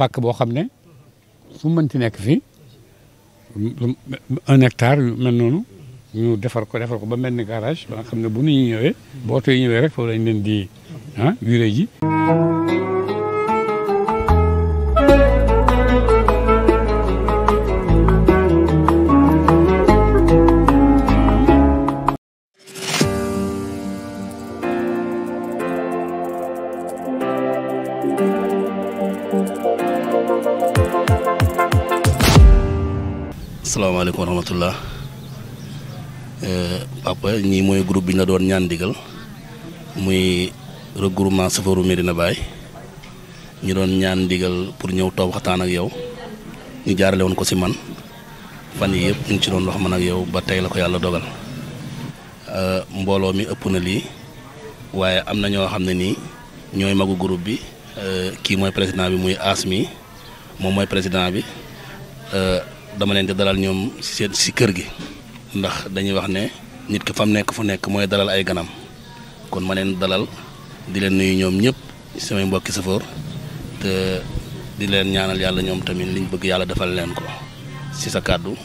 pàkk boo xam ne fu mënti nekk fii un hectare yu mel noonu ñu defar ko defar ko ba mel ni garage ba nga xam ne bu nu ñuy boo oto yi ñëwee rek foofu lañ leen di ah viré rahmatullah papa eh, ñi moy groupe bi na doon ñaan digal muy regroupement safaru medina bay ñi doon ñaan digal pour ñew toog waxtaan ak yow ñu jaarale won ko ci man fan yi yëpp ñu ci doon wax man ak yow ba tay la ko yalla dogal eh, mbolo mi ëpp na li waye am na magu groupe bi eh, ki moy president bi muy asmi mom moy president bi dama leen di dalal ñoom seen si kër gi ndax dañuy wax ne nit ki fam nekk fu nekk mooy dalal ay ganam kon ma leen dalal di leen nuyu ñoom ñëpp samay mbokki safoor te di leen ñaanal yàlla ñoom tamit liñ bëgg yàlla defal leen ko si sa kàddu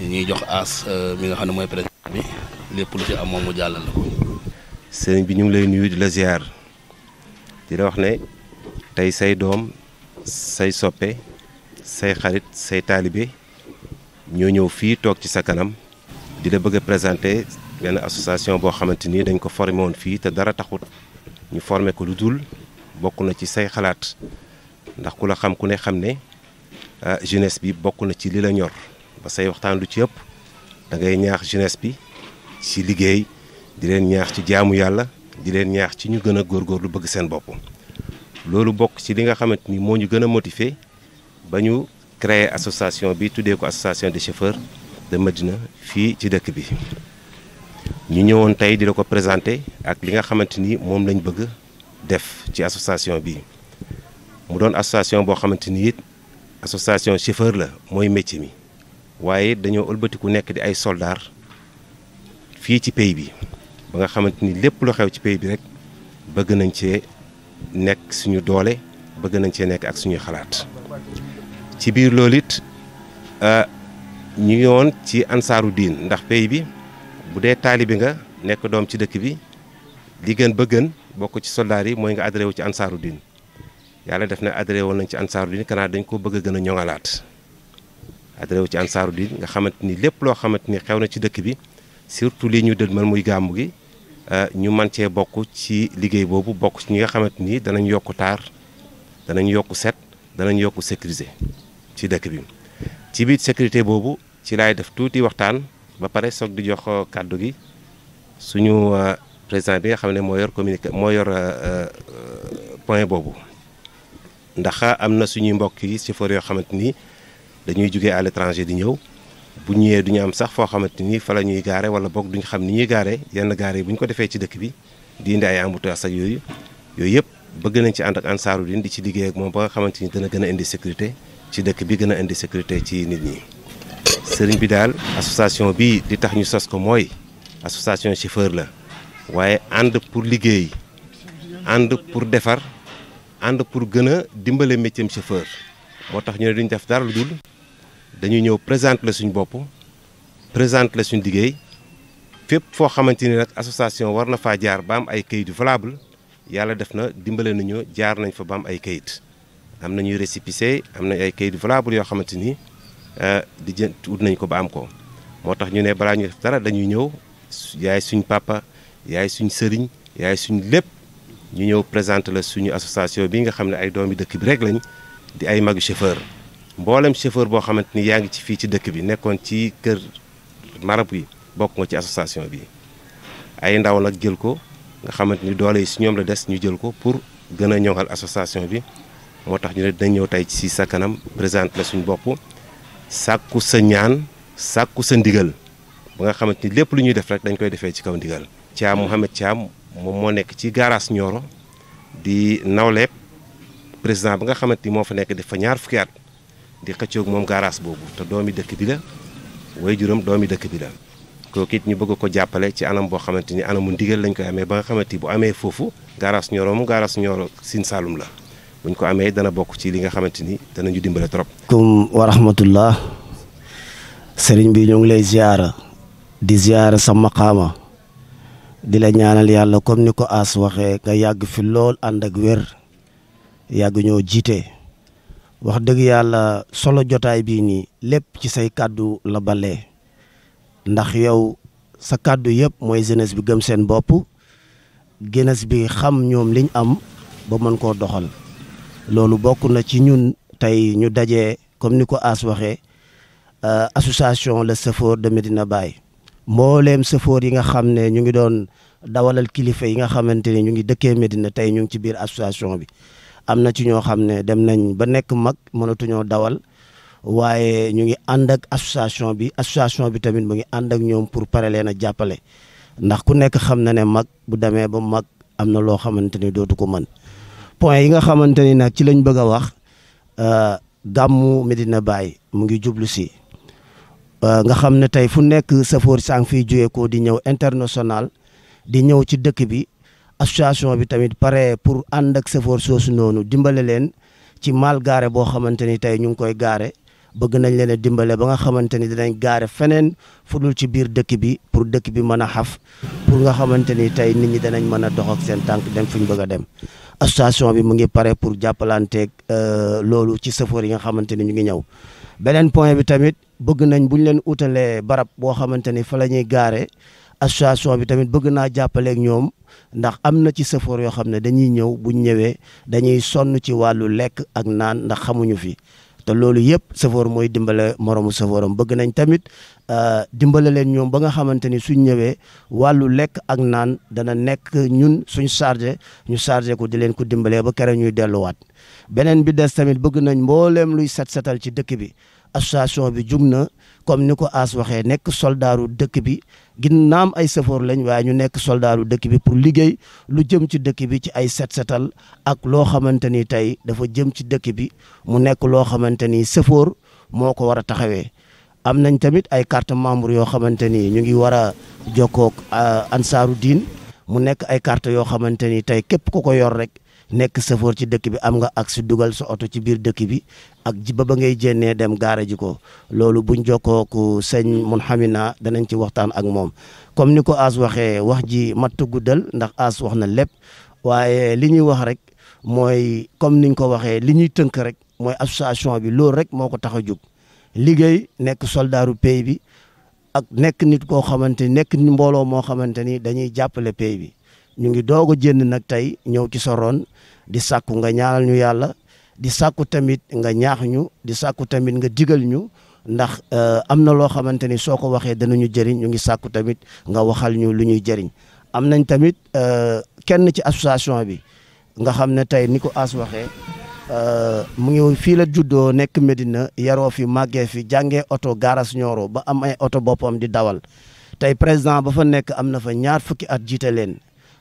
ñuy jox as euh, mi nga xam ne mooy président bi lépp lu ci am moom mu jàllal ko sëriñ bi ñu ngi lay nuyu di la ziar di la wax ne tey say doom say soppe say xarit say ñoo ñëw fii toog ci sa kanam di la bëgg a présenter benn association boo xamante ni dañ ko formé woon fii te dara taxut ñu forme ko lu dul bokk na ci say xalaat ndax ku la xam ku ne xam ne ah, jeunesse bi bokk na ci li la ñor ba say waxtaan lu ci ëpp da ngay ñaax jeunesse bi ci liggéey di leen ñaax ci jaamu yàlla di leen ñaax ci ñu gën a lu bëgg seen bopp. loolu bokk ci li nga xamante ni moo ñu gën a motiver ba ñu créé association bi tuddee ko association de chauffeurs de Médina fii ci dëkk bi ñu ñëwoon tey dina ko présenté ak li nga xamante ni moom lañ bëgg def ci association bi mu doon association boo xamante ni it association chauffeur la mooy métier mi waaye dañoo ëlbatiku nekk di ay soldaar fii ci pays bi ba nga xamante ni lépp lu xew ci pays bi rek bëgg nañ cee nekk suñu doole bëgg nañ cee nekk ak suñuy xalaat ci biir loolu it euh, ñu ngi woon ci ansaaru diin ndax pays bi bu dee taalibi nga nekk doom ci dëkk bi li gën ba gën bokk ci soldaar yi mooy nga adhéré wu ci ansaaru diin yàlla def na adhéré woon nañ ci ansaaru diin kanaar dañ ko bëgg a gën a ñoŋalaat adhéré wu ci ansaaru diin nga xamante ni lépp loo xamante ni xew na ci dëkk bi surtout lii ñu dël man muy gàmmu gi euh, ñu man cee bokk ci liggéey boobu bokk ci ñi nga xamante ni danañ yokk taar danañ yokk set danañ yokk sécuriser ci dëkk bi ci biir sécurité boobu ci laay def tuuti waxtaan ba pare soog di jox euh, kàddu gi suñu euh, président bi nga xam ne moo yor communiqué moo yor euh, point boobu ndax am na suñuy mbokk yi chauffeur yoo xamante ni dañuy jugee à l'étranger di ñëw bu ñëwee duñu am sax foo xamante ni fa la ñuy gaare wala boog duñu xam ni ñuy gaare yenn gaare yi bu ko defee ci dëkk bi di indi ay embouteillage ak yooyu yooyu yëpp bëgg nañ ci ànd ak Ansaarud-Din di ci liggéey ak moom ba nga xamante ni dana gën a indi sécurité ci dëkk bi gën a indi sécurité ci nit ñi sëriñ bi daal association bii di tax ñu sos ko mooy association chauffeur la waaye ànd pour liggéey ànd pour defar ànd pour gën a dimbale métier chauffeur moo tax ñu ne duñ def dara lu dul dañuy ñëw présente la suñu bopp présente la suñ liggéey fépp foo xamante ni nag association war na faa jaar baam ay kayit yu valable yàlla def na dimbale nañu jaar nañ fa ba ay kayit am na ñuy récépissé am nañ ay kayit valable yoo xamante ni euh, di jë ut nañ ko ba am ko moo tax ñu ne balaa ñu def dara dañuy ñëw yaay suñ papa yaay suñ sëriñ yaay suñ lépp ñu ñëw présenter la suñu association bi nga xam ne ay doomi dëkk bi rek lañ di ay magu chauffeur mboolem chauffeur boo xamante ni yaa ngi ci fii ci dëkk bi nekkoon ci kër marab yi bokk nga ci association bi ay ndaw nag jël ko nga xamante ni doole yi si ñoom la des ñu jël ko pour gën a ñoŋal association bi motax ñu ne dinañ ñëw tey ci sa kanam présenter la suñu bop sakku sa ñaan sakku sa ndigal ba nga xamanteni lepp lu ñuy def rek dañ koy defé ci kaw ndigal mo nek ci garage Nioro di nawlep président ba nga xamanteni mo fa nek nekk fa ñaar fukiat di xëccoog mom garage bobu te doomi dëkk bi la way juróom doomi dëkk bi la ko kit ñu bëgg ko jappalé ci anam bo xamanteni anamu ndigal lañ koy amé ba nga xamanteni bu amé fofu garage Nioro mu garage Nioro sin salum la buñ ko amee dana bokk ci li nga xamante ni danañu dimbale trop. kum wa rahmatullah sëriñ bi ñu ngi lay ziara di ziara sa maqama di la ñaanal yàlla comme ni ko as waxee nga yàgg fi lool ànd ak wér yàgg ñoo jiite wax dëgg yàlla solo jotaay bii nii lépp ci say kàddu la balee ndax yow sa kàddu yépp mooy jeunesse bi gëm seen bopp jeunesse bi xam ñoom liñ am ba mën koo doxal loolu bokk na ci ñun tey ñu daje comme ni ko As waxee euh, association le chauffeur de Medina Baye mbooleem chauffeur yi nga xam ne ñu ngi doon dawalal kilifa yi nga xamante ne ñu ngi dëkkee Medina tey ñu ngi ci biir association bi am na ci ñoo xam ne dem nañ ba nekk mag mënatuñoo dawal waaye ñu ngi ànd ak association bi association bi tamit mu ngi ànd ak ñoom pour pare leen a jàppale ndax ku nekk xam na ne mag bu demee ba mag am na loo xamante ni dootu ko man point yi nga xamante ni nag ci lañ bëgg a wax euh, gàmmu Medina Baye mu ngi jublu si euh, nga xam ne tey fu nekk safoor sang fiy jóge ko di ñëw international di ñëw ci dëkk bi association bi tamit pare pour ànd ak safoor soosu noonu dimbale leen ci mal gaare boo xamante ni tey ñu ngi koy gaare bëgg nañ leen dimbale ba nga xamante ni dinañ gaare feneen fu dul ci biir dëkk bi pour dëkk bi mën a xaf pour nga xamante ni tey nit ñi danañ mën a dox ak seen tànk dem fu ñu bëgg a dem association bi mu ngi pare pour jàppalanteeg euh, loolu ci chauffeur yi nga xamante ni ñu ngi ñëw beneen point bi tamit bëgg nañ bu ñu leen utalee barab boo xamante ni fa la ñuy gaare association bi tamit bëgg naa jàppaleeg ñoom ndax am na ci chauffeur yoo xam ne dañuy ñëw bu ñëwee dañuy sonn ci wàllu lekk ak naan ndax xamuñu fi. te loolu yëpp safoor mooy dimbale moromu safooram bëgg nañ tamit euh, dimbale leen ñoom ba nga xamante ni suñ ñëwee wàllu lekk ak naan dana nekk ñun suñ chargé ñu chargé ko di leen ko dimbalee ba kere ñuy delluwaat beneen bi des tamit bëgg nañ mbooleem luy set setal ci dëkk bi association bi jug na comme ni ko As waxee nekk soldaaru dëkk bi ginnaam ay safoor lañ waaye ñu nekk soldaaru dëkk bi pour liggéey lu jëm ci dëkk bi ci ay set setal ak loo xamante ni tey dafa jëm ci dëkk bi mu nekk loo xamante ni safoor moo ko war a taxawee. am nañ tamit ay carte membre yoo xamante ni ñu ngi war a jokkoog euh, ansaaru diin mu nekk ay carte yoo xamante ni tey képp ku ko yor rek nekk safoor ci dëkk bi am nga ak si dugal sa oto ci biir dëkk bi ak ji ba ba ngay jénnee dem gaara ji ko loolu buñ jokkoo ku sëñ Mouhamina danañ ci waxtaan ak moom comme ni ko As waxee wax ji mattu guddal ndax As wax na lépp waaye li ñuy wax rek mooy comme niñ ko waxee li ñuy tënk rek mooy association bi loolu rek moo ko tax a jóg liggéey nekk soldaaru pays bi ak nekk nit koo xamante nekk mbooloo moo xamante ni dañuy jàppale pays bi ñu ngi doog a jénn nag tey ñëw ci soroon di sàkku nga ñaanal ñu yàlla di sàkku tamit nga ñaax ñu di sàkku tamit nga digal ñu ndax euh, am na loo xamante ni soo ko waxee danañu jëriñ ñu ngi sàkku tamit nga waxal ñu lu ñuy jëriñ am nañ tamit euh, kenn ci association bi nga xam ne tey ni ko as waxee euh, mu ngi fii la juddoo nekk Medina yaroo fi màggee fi jàngee oto garas Nioro ba am ay oto boppam di dawal tey président ba fa nekk am na fa ñaar fukki at jiite leen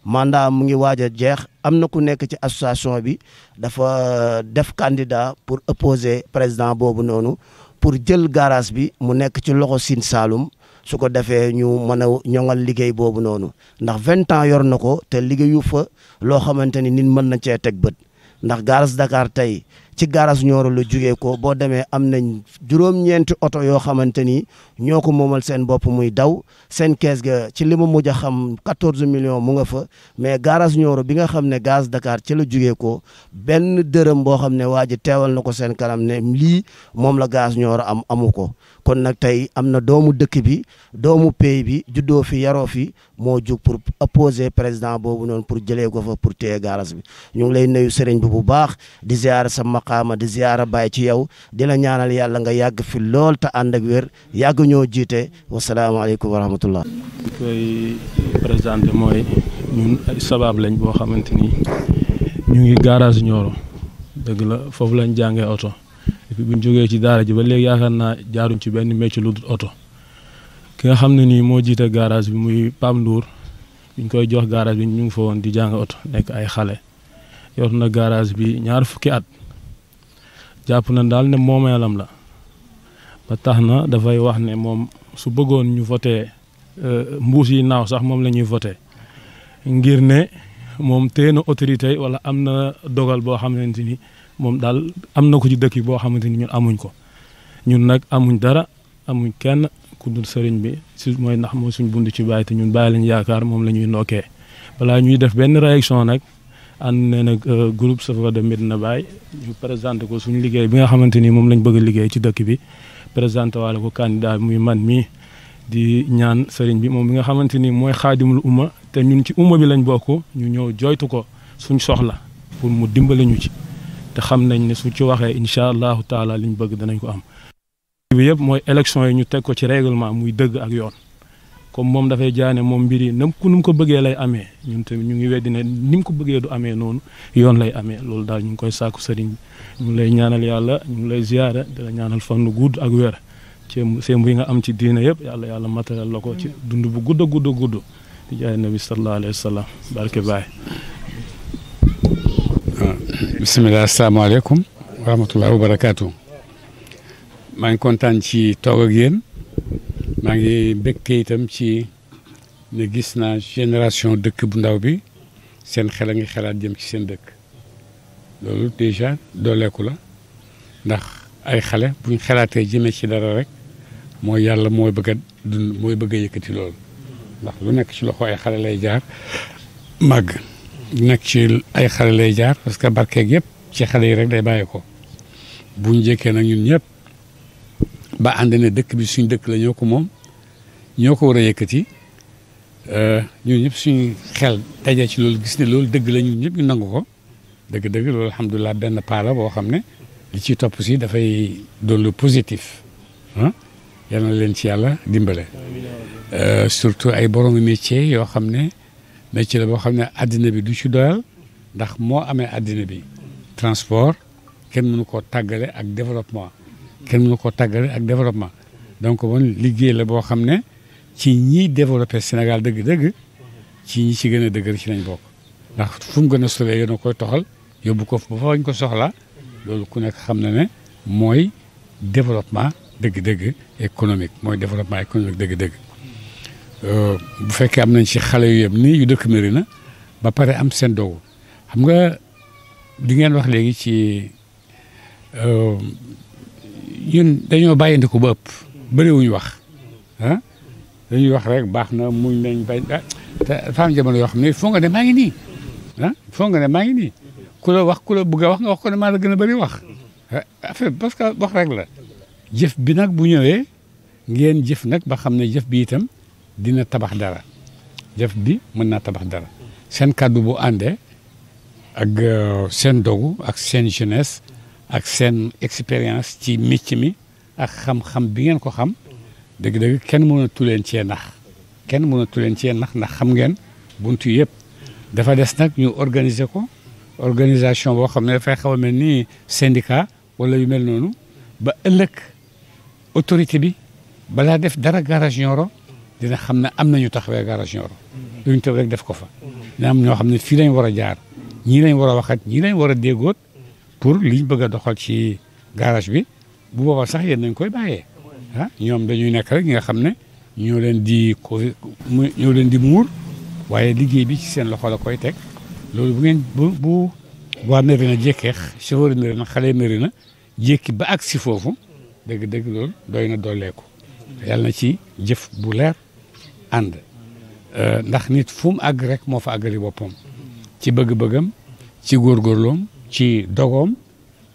manda mu ngi waaja jeex am na ku nekk ci association bi dafa def kandida pour opposer président boobu noonu pour jël garage bi mu nekk ci loxo Sine Saloum su ko defee ñu mën a ñoŋal liggéey boobu noonu ndax vingt ans yor na ko te liggéeyu fa loo xamante ni nit mën na cee teg bët ndax garage Dakar tey ci garage Nioro la jugee ko boo demee am nañ juróom-ñeenti oto yoo xamante ni ñoo ko moomal seen bopp muy daw seen kees ga ci li ma mujj a xam 14 million mu nga fa mais garage Nioro bi nga xam ne gaz Dakar ci la jugee ko benn dërëm boo xam ne waa ji teewal na ko seen kanam ne lii moom la gaz Nioro am amu ko kon nag tey am na doomu dëkk bi doomu pays bi juddoo fi yaroo fi moo jug pour opposer président boobu noonu pour jëlee ko pour téye garage bi ñu ngi lay nuyu sëriñ bi bu baax di ziara sa maqaama di ziara baay ci yow di la yàlla nga yàgg fi lool te ànd ak wér yàgg jiite wasalaamaaleykum wa rahmatullah koy présenté lañ boo xamante ni ñu ngi foofu lañ jàngee oto et bu ñu jógee ci daal ji ba léegi yaakaar naa jaaruñ ci benn métier lu dul oto ki nga xam na nii moo jiite garage bi muy Pam Ndour ñu koy jox garage bi ñu ngi fa woon di jàng oto nekk ay xale yor na garage bi ñaar fukki at jàpp na daal ne moomeelam la ba tax na dafay wax ne moom su bëggoon ñu voté euh, mbuus yi naaw sax moom la ñuy voté ngir ne moom téye na autorité wala am na dogal boo xamante ni moom daal am na ko ci dëkk yi boo xamante ni ñun amuñ ko ñun nag amuñ dara amuñ kenn ku dul sëriñ bi si mooy ndax moo suñ bund ci baay te ñun bàyyi lañu yaakaar moom la ñuy nokkee balaa ñuy def benn réaction nag ànd ne nag euh, groupe chauffeur de Medina Baye ñu présenté ko suñu liggéey bi nga xamante ni moom lañ bëgg a liggéey ci dëkk bi présenté waale ko candidat bi muy man mii di ñaan sëriñ bi moom bi nga xamante ni mooy xaadimul uma te ñun ci umma bi lañ bokk ñu ñëw joytu ko suñ soxla pour mu dimbali ñu ci te xam nañ ne su ci waxee incha allahu taala liñ bëgg danañ ko am. bi yëpp mooy élection yi ñu teg ko ci règlement muy dëgg ak yoon comme moom dafay jaane moom mbir yi nam ku nu mu ko bëggee lay amee ñun tamit ñu ngi weddi ne ni mu ko bëggee du amee noonu yoon lay amee loolu daal ñu ngi koy sàkku sëriñ bi ñu ngi lay ñaanal yàlla ñu ngi lay ziyaara di ñaanal fan lu gudd ak wér ceeb seen yi nga am ci diina yëpp yàlla yàlla matériel la ko ci dund bu gudd a gudd a gudd di jaay nabi sallallahu bisimilah asalaamaaleykum wa rahmatulah wa barakaatu. maa ngi kontaan ci toog ak yéen maa ngi békkee itam ci ne gis naa génération dëkk bu ndaw bi seen xel a ngi xalaat jëm ci seen dëkk loolu déjà dooleeku la ndax ay xale buñ xalaatee jëmee ci dara rek moo yàlla mooy bëgg a dund mooy bëgg yëkkati loolu ndax lu nekk ci loxo ay xale lay jaar màgg. nag ci ay xale lay jaar parce que barkeeg yëpp ci xale yi rek day bàyyi ko bu njëkkee jëkkee nag ñun ñëpp ba ànd ne dëkk bi suñ dëkk la ñoo ko moom ñoo ko war a yëkkati eh, ñun ñëpp suñu xel daje ci loolu gis ne loolu dëgg la ñun ñëpp ñu nangu ko dëgg-dëgg loolu alhamdulilah benn paala boo xam ne li ci topp si dafay doon lu positif ah yal leen ci yàlla dimbale eh, surtout ay borom métier yoo xam ne. métier la boo xam ne àddina bi du ci doyal ndax moo amee àddina bi transport kenn mënu koo tàggale ak développement kenn mënu koo tàggale ak développement donc bon liggéey la boo xam ne ci ñiy développé Sénégal dëgg-dëgg ci ñi ci gën a dëgër ci lañ bokk ndax fu gën a solee yéen koy toxal yóbbu ko ba fañ ko soxla loolu ku nekk xam na ne mooy développement dëgg-dëgg économique mooy développement économique dëgg-dëgg Euh, bu fekkee am nañ ci xale yu yem nii yu dëkk Mérina ba pare am seen dogu xam nga di ngeen wax léegi ci euh, ñun dañoo ku ba ëpp bëriwuñu wax ah? dañuy wax rek baax na muñ nañ bañ ah, te dafa am yoo xam ne foo nga ne maa ngi nii ah foo nga ne maa ngi nii ku la wax ku la bëgg a wax nga wax ko ne maa la gën a bari wax eh, affaire parce que wax rek la jëf bi nag bu ñëwee ngeen jëf nag ba xam ne jëf bi itam dina tabax dara def bi mën naa tabax dara seen kàddu bu àndee ak euh, seen dogu ak seen jeunesse ak seen expérience ci métier mi ak xam-xam bi ngeen ko xam dëgg-dëgg kenn mënatu leen cee nax kenn mënatu leen cee nax ndax xam ngeen buntu yëpp dafa des nag ñu organiser ko organisation boo xam ne dafa xaw a mel ni syndicat wala yu mel noonu ba ëllëg autorité bi balaa def dara garage Nioro dina xam ne am nañu taxawee garage Nioro duñ rek def ko fa ñoo xam ne fii lañ war a jaar ñii lañ war a waxat ñii lañ war a déggoot pour liñ bëgg a doxal ci garage bi bu boobaa sax yéen nañ koy bàyyee ah, ñoom dañuy nekk rek ñi nga xam ne ñoo leen di ko ñoo leen di muur waaye liggéey bi ci seen loxo la koy teg loolu bu ngeen bu bu waa mairie na jékkee chauffeur mairie na xale mairie na jékki ba ak si foofu dëgg-dëgg na dooleeku yàlla na ci jëf bu leer ànd euh, ndax nit fu mu àgg rek moo fa àggali boppam ci bëgg-bëggam ci góorgóorloom ci dogoom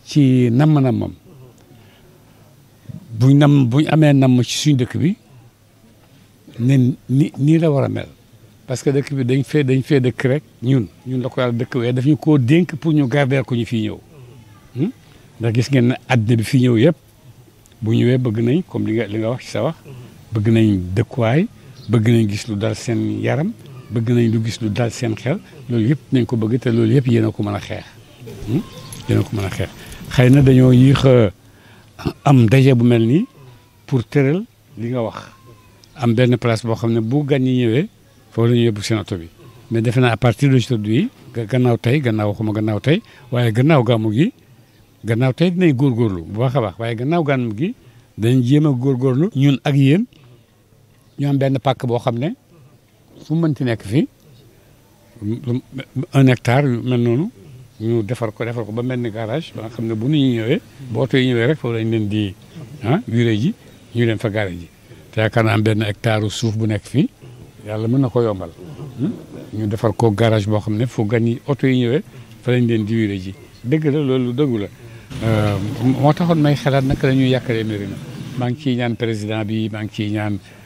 ci namm-nammam buñ nam buñ amee namm ci suñ dëkk bi ni nii la war a mel parce que dëkk bi dañ fee dañ fee dëkk rek ñun ñun la ko yàlla dëkk waaye daf ñu koo dénk pour ñu garder ko ñu fii ñëw hmm? ndax gis ngeen ne àddina bi fii ñëw yëpp bu ñëwee bëgg nañ comme li nga li nga wax ci sa wax bëgg nañ dëkkuwaay bëgg nañ gis lu dal seen yaram bëgg nañ lu gis lu dal seen xel loolu yëpp nañ ko bëgg te loolu yëpp yéen ko mën a xeex hmm? yéen ko mën a xëy na dañoo yéex am daje bu mel nii pour tëral li nga wax am benn place boo xam ne bu gan ñi ñëwee foofu la ñuy yóbbu seen oto bi mais defe naa à partir d'aujourd'hui gannaaw tey gannaaw waxuma gannaaw tey waaye gannaaw gàmmu gi gannaaw tey dinañ góorgóorlu bu baax a baax waaye gannaaw gàmmu gi dañ jéem a góorlu ñun ak yéen ñoo am benn pakk boo xam ne fu mën mënti nekk fii un hectare yu mel noonu ñu defar ko defar ko ba mel ni garage ba nga xam ne bu nu ñi ñëwee bu oto yi ñëwee rek foofu lañ leen di ah wiré ji ñu leen fa garé ji te yaakaar naa am benn hectare suuf bu nekk fii yàlla mën na ko yombal hmm? ñu defar ko garage boo xam ne fu gan yi oto yi ñëwee fa lañ leen di wiré ji dëgg la loolu dëggu la euh, moo taxoon may xalaat naka la ñuy yàqalee Mérina maa ngi ciy ñaan président bi maa ngi ciy ñaan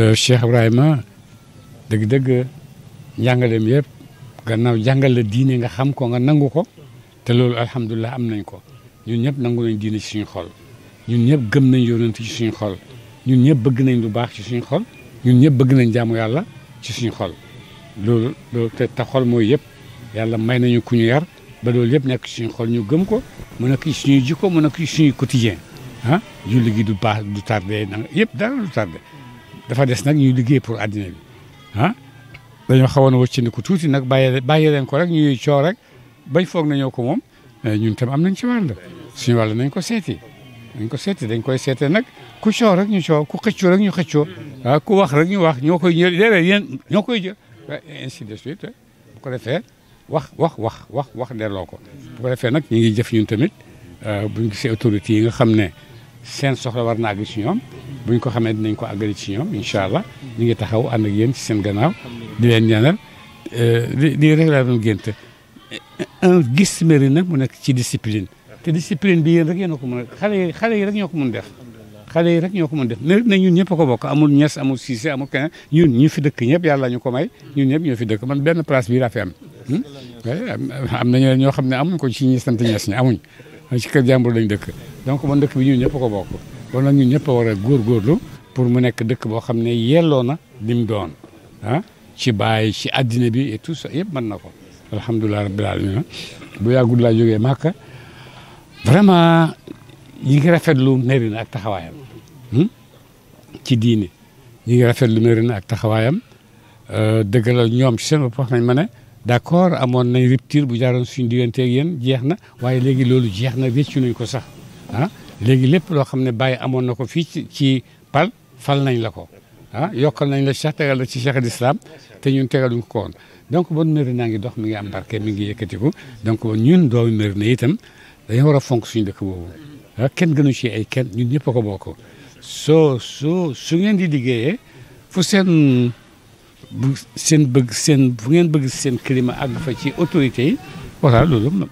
te Cheikh Ibrahima dëgg-dëgg njàngaleem yëpp gannaaw jàngal la diine nga xam ko nga nangu ko te loolu alhamdulilah am nañ ko ñun ñëpp nangu nañ diine ci suñu xol ñun ñëpp gëm nañ yonent ci suñu xol ñun ñëpp bëgg nañ lu baax ci suñu xol ñun ñëpp bëgg nañ jaamu yàlla ci suñu xol loolu te te xol mooy yëpp yàlla may nañu ku ñu yar ba loolu yëpp nekk ci suñu xol ñu gëm ko mu nekk ci suñuy jikko mu nekk ci suñuy quotidien ah, julli gi du baax du tardé na yëpp du tardé dafa des nag ñuy liggéey pour addina bi ah dañoo xawoon a wëccandiku tuuti nag bàyyi bàyyi leen ko rek ñu coow rek bay foog na ñoo ko moom eh, ñun tam am nañ ci wàll suñu wàll nañ ko seeti dañ ko seeti dañ koy seete nag ku coow rek ñu coow ku xëccoo rek ñu xëccoo waaw ah, ku wax rek ñu wax ñoo koy jël déedéet yéen ñoo koy jël eh, ainsi eh. bu ko defee wax wax wax wax wax delloo ko bu ko defee nag ñu ngi jëf ñun tamit buñ gisee autorités yi nga xam ne seen soxla war na àgg ci ñoom buñ ko xamee dinañ ko àggali ci ñoom incha allah ñu ngi taxaw ànd ak yéen ci seen gannaaw di leen ñaanal di euh, lii rek laa doon gént un gis mairie nag mu nekk ci discipline te discipline bi yéen rek yéen ko mën xale xale yi rek ñoo ko mën def xale yi rek ñoo ko mën def mérite na ñun ñëpp ko bokk amul ñes amul siise amul keneen ñun ñu fi dëkk ñëpp yàlla ñu ko may ñu ñëpp ñoo fi dëkk man benn place bii laa fi am hmm? am nañu ñoo xam ne amuñ ko ci ñi sant ñes ñi amuñ ci kër jàmbur lañ dëkk donc man dëkk bi ñun ñëpp ko bokk kon nag ñu ñëpp a war a góorgóorlu pour mu nekk dëkk boo xam ne yelloo na lim doon ah ci bàyyi ci àddina bi et tout yëpp mën na ko alhamdulilah rabbil alamin bu yàggul laa jógee Màkka vraiment ñi ngi rafetlu Mérina ak taxawaayam hmm, ci diini ñi ngi rafetlu Mérina ak taxawaayam euh, dëgg la ñoom ci seen bopp wax nañ ma ne d' accord amoon nañ rupture bu jaaroon suñ digganteeg yéen jeex na waaye léegi loolu jeex na réccu nañ ko sax ah léegi lépp loo xam ne Baye amoon na ko fii ci ci pal fal nañ la ko ah yokkal nañ la Cheikh tegal la ci Cheikh di Islam te ñun tegaluñ ko woon donc bon Médina ngi dox mi ngi am barke mi ngi yëkkatiku donc ñun doomu Médina itam dañoo war a fonk suñu dëkk boobu ah kenn gënu ci ay kenn ñun ñëpp ko bokk soo soo su ngeen di liggéeyee fu seen seen bëgg seen fu ngeen bëgg seen climat àgg ci autorité yi loolu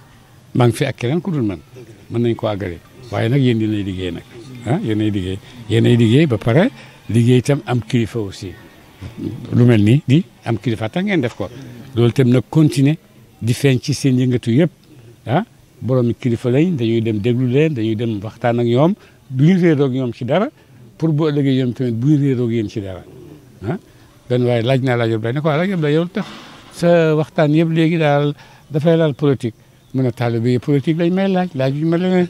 maa ngi fi ak keneen ku dul man mën nañ ko àggale waaye nag yéen yéenay liggéey nag ah yéenay liggéey yéenay liggéey ba pare liggéey tam am kilifa aussi lu mel nii di am kilifa tax def ko loolu itam nag continuer di feeñ ci seen yëngatu yëpp ah borom kilifa lañ dañuy dem déglu leen dañuy dem waxtaan ak ñoom bu réeroo ak ñoom ci dara pour bu ëllëgee ñoom tamit buñu réeroo ak yéen ci dara ah. benn waaye laaj naa laaj yëpp day ne ko laaj yëpp day yow tax sa waxtaan yëpp léegi daal dafay laal politique. mu ne taalibe yi politique lañ may laaj laaj yu ma leneen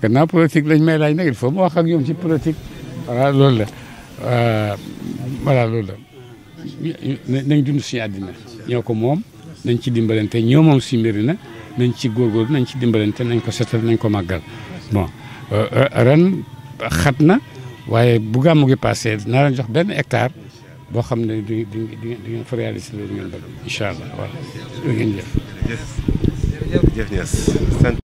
gannaaw politique lañ may laaj nag il faut mu wax ak ñoom ci politique voilà loolu la euh, voilà loolu la nañ dund suñu àddina ñoo ko moom nañ ci dimbalante ñoo moom suñu mbiri na nañ ci góorgóorlu nañ ci dimbalante nañ ko setal nañ ko màggal bon euh, euh, ren xat na waaye bu gàmmu gi passé naa leen jox benn hectare boo xam ne di di di ngeen fa réaliser loolu ngeen bëgg incha allah voilà ngeen jëf jërëjëf Niass sant